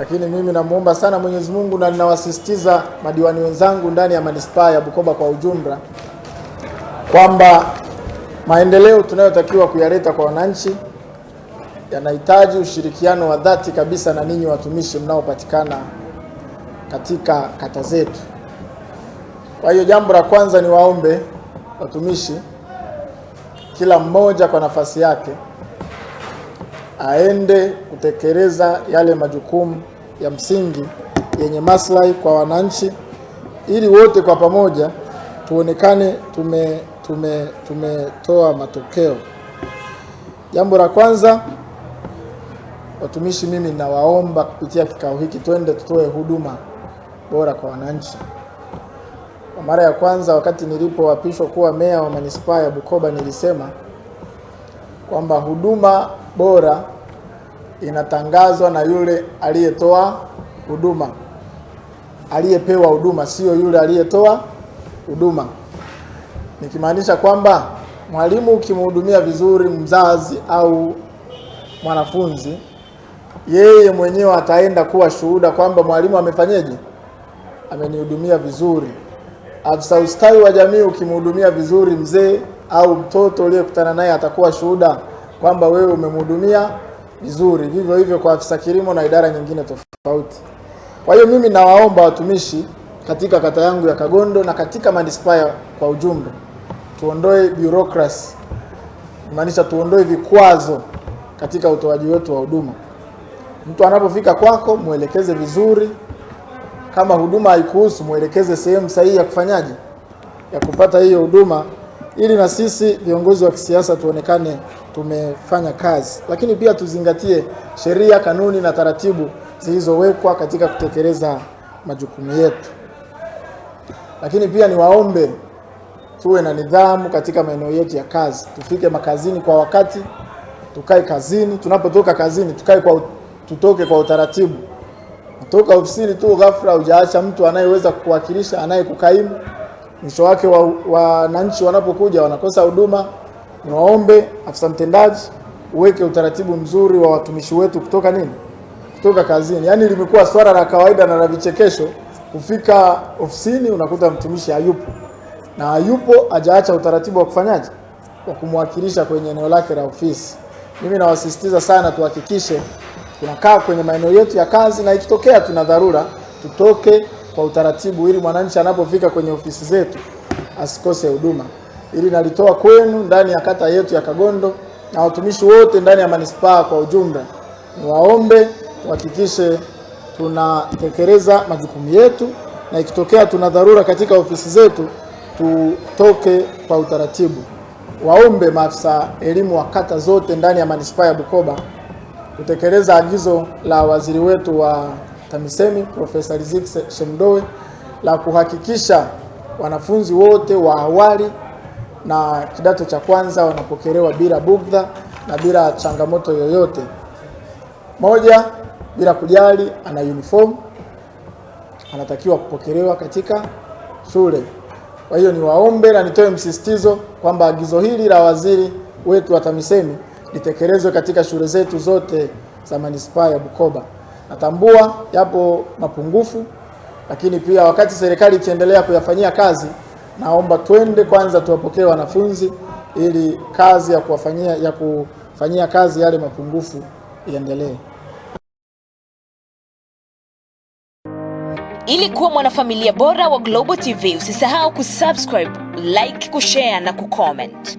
Lakini mimi namwomba sana Mwenyezi Mungu na ninawasisitiza madiwani wenzangu ndani ya manispaa ya Bukoba kwa ujumla kwamba maendeleo tunayotakiwa kuyaleta kwa wananchi yanahitaji ushirikiano wa dhati kabisa na ninyi watumishi mnaopatikana katika kata zetu. Kwa hiyo jambo la kwanza, ni waombe watumishi, kila mmoja kwa nafasi yake aende kutekeleza yale majukumu ya msingi yenye maslahi kwa wananchi, ili wote kwa pamoja tuonekane tume tume tumetoa matokeo. Jambo la kwanza, watumishi, mimi nawaomba kupitia kikao hiki, twende tutoe huduma bora kwa wananchi. Kwa mara ya kwanza wakati nilipoapishwa kuwa meya wa manispaa ya Bukoba nilisema kwamba huduma bora inatangazwa na yule aliyetoa huduma, aliyepewa huduma, sio yule aliyetoa huduma, nikimaanisha kwamba mwalimu ukimhudumia vizuri mzazi au mwanafunzi, yeye mwenyewe ataenda kuwa shuhuda kwamba mwalimu amefanyeje, amenihudumia vizuri. Afisa ustawi wa jamii ukimhudumia vizuri mzee au mtoto uliyekutana naye, atakuwa shuhuda kwamba wewe umemhudumia vizuri, vivyo hivyo kwa afisa kilimo na idara nyingine tofauti. Kwa hiyo mimi nawaomba watumishi katika kata yangu ya Kagondo na katika manispaa kwa ujumla, tuondoe bureaucracy, maanisha tuondoe vikwazo katika utoaji wetu wa huduma. Mtu anapofika kwako mwelekeze vizuri, kama huduma haikuhusu mwelekeze sehemu sahihi ya kufanyaje, ya kupata hiyo huduma ili na sisi viongozi wa kisiasa tuonekane tumefanya kazi, lakini pia tuzingatie sheria, kanuni na taratibu zilizowekwa katika kutekeleza majukumu yetu. Lakini pia niwaombe tuwe na nidhamu katika maeneo yetu ya kazi, tufike makazini kwa wakati, tukae kazini. Tunapotoka kazini tukae kwa, tutoke kwa utaratibu. Kutoka ofisini tu ghafla hujaacha mtu anayeweza kukuwakilisha, anayekukaimu mwisho wake wananchi wa, wanapokuja wanakosa huduma. Niwaombe afisa mtendaji uweke utaratibu mzuri wa watumishi wetu kutoka nini, kutoka kazini. Yaani limekuwa swala la kawaida na la vichekesho kufika ofisini unakuta mtumishi hayupo, na hayupo hajaacha utaratibu wa kufanyaje, wa kumwakilisha kwenye eneo lake la ofisi. Mimi nawasisitiza sana, tuhakikishe tunakaa kwenye maeneo yetu ya kazi, na ikitokea tuna dharura tutoke kwa utaratibu, ili mwananchi anapofika kwenye ofisi zetu asikose huduma. Ili nalitoa kwenu ndani ya kata yetu ya Kagondo na watumishi wote ndani ya manispaa kwa ujumla, niwaombe tuhakikishe tunatekeleza majukumu yetu, na ikitokea tuna dharura katika ofisi zetu tutoke kwa utaratibu. Waombe maafisa elimu wa kata zote ndani ya manispaa ya Bukoba kutekeleza agizo la waziri wetu wa TAMISEMI Profesa Riziki Shemdoe la kuhakikisha wanafunzi wote wa awali na kidato cha kwanza wanapokelewa bila bugdha na bila changamoto yoyote. Moja, bila kujali ana uniform anatakiwa kupokelewa katika shule. Kwa hiyo niwaombe na nitoe msisitizo kwamba agizo hili la waziri wetu wa TAMISEMI litekelezwe katika shule zetu zote za manispaa ya Bukoba. Natambua yapo mapungufu, lakini pia wakati serikali ikiendelea kuyafanyia kazi, naomba twende kwanza tuwapokee wanafunzi ili kazi ya kuwafanyia ya kufanyia kazi yale mapungufu iendelee. Ili kuwa mwanafamilia bora wa Global TV, usisahau kusubscribe, like, kushare na kucomment.